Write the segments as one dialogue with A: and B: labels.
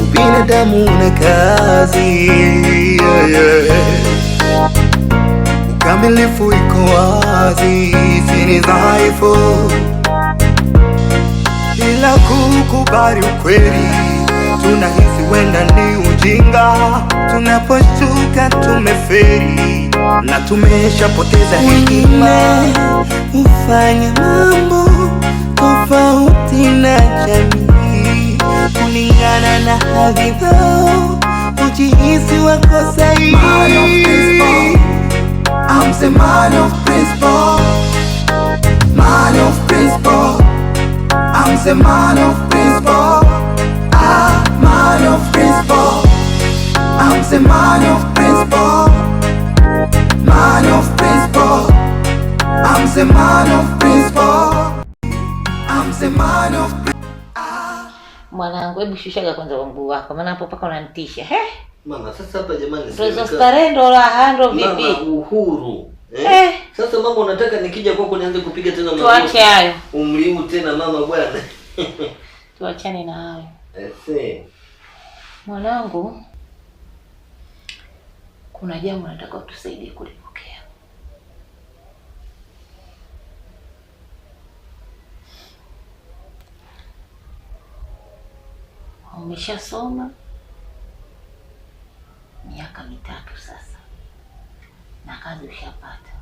A: Ubinadamu una kazi yeah, yeah. Ukamilifu iko wazi, sini dhaifu ila kukubali ukweli tunahisi wenda ni ujinga tunaposhuka tumeferi na tumeshapoteza hekima. Ufanya mambo tofauti na jamii kulingana na hadhi zao, hujihisi wako sahihi. Man of principle. Man of principle. I'm the man of principle. the man of principle. I'm the man of ah. Mwanangu, hebu shushaga kwanza kwa mguu wako, maana hapo paka unanitisha.
B: He? Mama, sasa hapa jamani,
A: sasa starehe ndo la hando vipi? Mama,
B: uhuru. Eh? Eh. Sasa mama, unataka nikija kwako nianze kupiga tena mambo.
A: Tuache hayo.
B: Umliu tena mama bwana.
A: Tuachane na hayo. Eh. Mwanangu, kuna jambo nataka utusaidie kule nimeshasoma miaka mitatu sasa na kazi ushapata.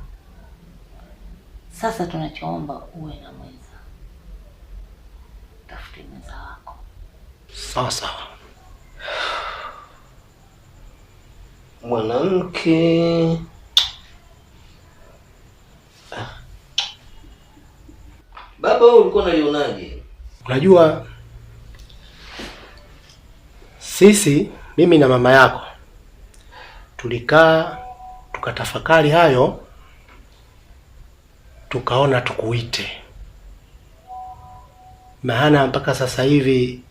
A: Sasa tunachoomba uwe na mwenza, tafute mwenza wako.
B: Sawa sawa. Mwanamke ah. baba, ulikuwa unalionaje?
C: Unajua sisi, mimi na mama yako tulikaa tukatafakari hayo, tukaona tukuite, maana mpaka sasa hivi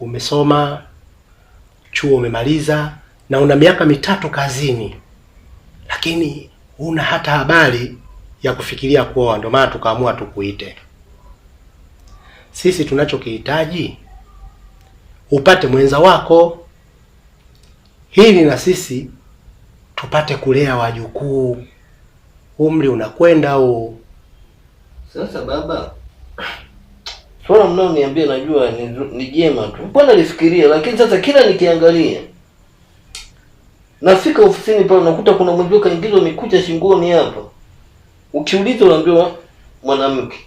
C: umesoma chuo, umemaliza na una miaka mitatu kazini, lakini huna hata habari ya kufikiria kuoa. Ndio maana tukaamua tukuite. Sisi tunachokihitaji upate mwenza wako. Hili na sisi tupate kulea wajukuu, umri unakwenda huu.
B: Sasa baba, swala mnaoniambia najua ni, ni jema tu, mbona lifikiria, lakini sasa kila nikiangalia nafika ofisini pale nakuta kuna mwenzio kaingizwa mikucha shingoni hapa, ukiuliza unaambiwa mwanamke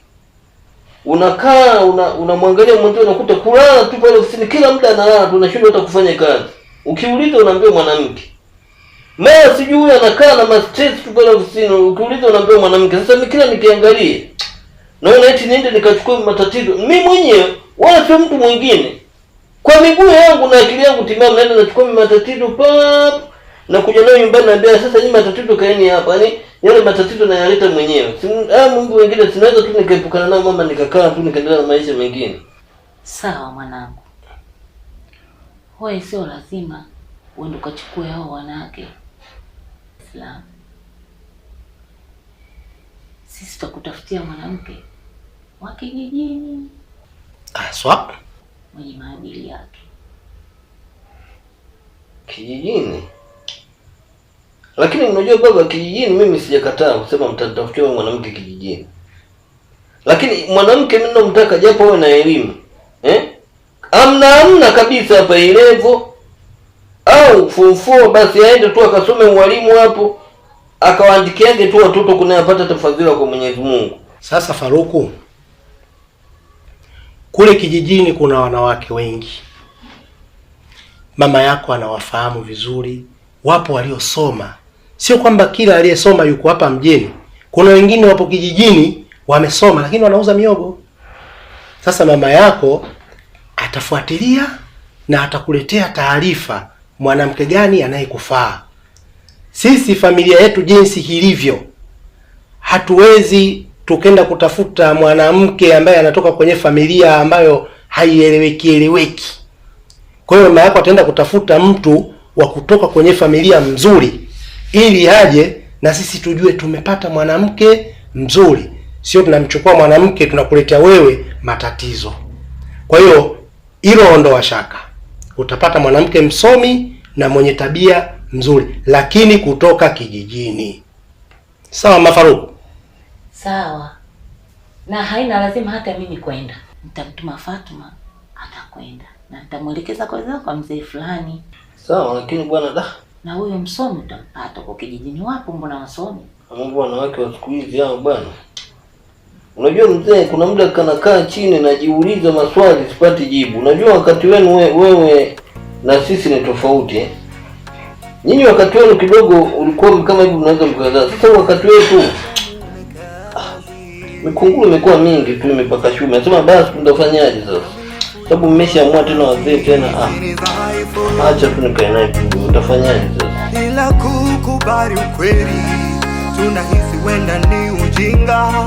B: unakaa unamwangalia una mwenzio, unakuta kulala tu pale ofisini, kila muda analala tu, unashindwa hata kufanya kazi. Ukiuliza unaambiwa mwanamke. Mimi sijui huyu anakaa na mastress tu pale ofisini, ukiuliza unaambiwa mwanamke. Sasa mimi kila nikiangalia naona eti niende nikachukua matatizo mimi mwenyewe, wala sio mtu mwingine, kwa miguu yangu na akili yangu timamu, naenda nachukua matatizo pap na kuja nayo nyumbani, naambia sasa, hii matatizo kaeni hapa, yani yale matatizo nayaleta mwenyewe. ah, Mungu wengine tunaweza tu nikaepukana nao mama, nikakaa tu nikaendelea na maisha mengine.
A: Sawa mwanangu, wewe sio lazima uende ukachukue hao wanawake Islam. Sisi tutakutafutia mwanamke wa kijijini
B: aswa ah,
A: mwenye maadili yake
B: kijijini lakini unajua baba, kijijini mimi sijakataa kusema mtatafutiwa mwanamke kijijini, lakini mwanamke mimi namtaka japo awe na elimu eh? Amna amna kabisa hapa ilevo au form basi aende tu akasome mwalimu hapo akawaandikiange tu watoto kunayapata tafadhila kwa Mwenyezi Mungu.
C: Sasa Faruku, kule kijijini kuna wanawake wengi, mama yako anawafahamu vizuri, wapo waliosoma Sio kwamba kila aliyesoma yuko hapa mjini. Kuna wengine wapo kijijini wamesoma, lakini wanauza miogo. Sasa mama yako atafuatilia na atakuletea taarifa, mwanamke gani anayekufaa. Sisi familia yetu jinsi ilivyo, hatuwezi tukenda kutafuta mwanamke ambaye anatoka kwenye familia ambayo haieleweki eleweki. Kwa hiyo mama yako ataenda kutafuta mtu wa kutoka kwenye familia mzuri ili aje na sisi tujue tumepata mwanamke mzuri, sio tunamchukua mwanamke tunakuletea wewe matatizo. Kwa hiyo hilo ondoa shaka, utapata mwanamke msomi na mwenye tabia mzuri, lakini kutoka kijijini. Sawa Mafaruku?
A: Sawa, na haina lazima hata mimi kwenda, nitamtuma Fatuma atakwenda na nitamwelekeza kwa mzee fulani.
B: Sawa, lakini bwana da
A: na huyo msomi utampata kwa kijijini, wapo mbona wasomi.
B: Mungu, wanawake wa siku hizi hao bwana. Unajua mzee, kuna muda kanakaa chini najiuliza maswali sipati jibu. Unajua wakati wenu we, wewe na sisi ni tofauti. Eh? Nyinyi wakati wenu kidogo ulikuwa kama hivi, unaweza mkazaa. Sasa wakati wetu ah, mikunguru imekuwa mingi tu, imepaka shume. Nasema basi tutafanyaje sasa? sababu mmeshaamua tena wazee tena, ah, acha tu nikae naye, utafanyaje sasa? Ila kukubali ukweli tunahisi wenda ni ujinga.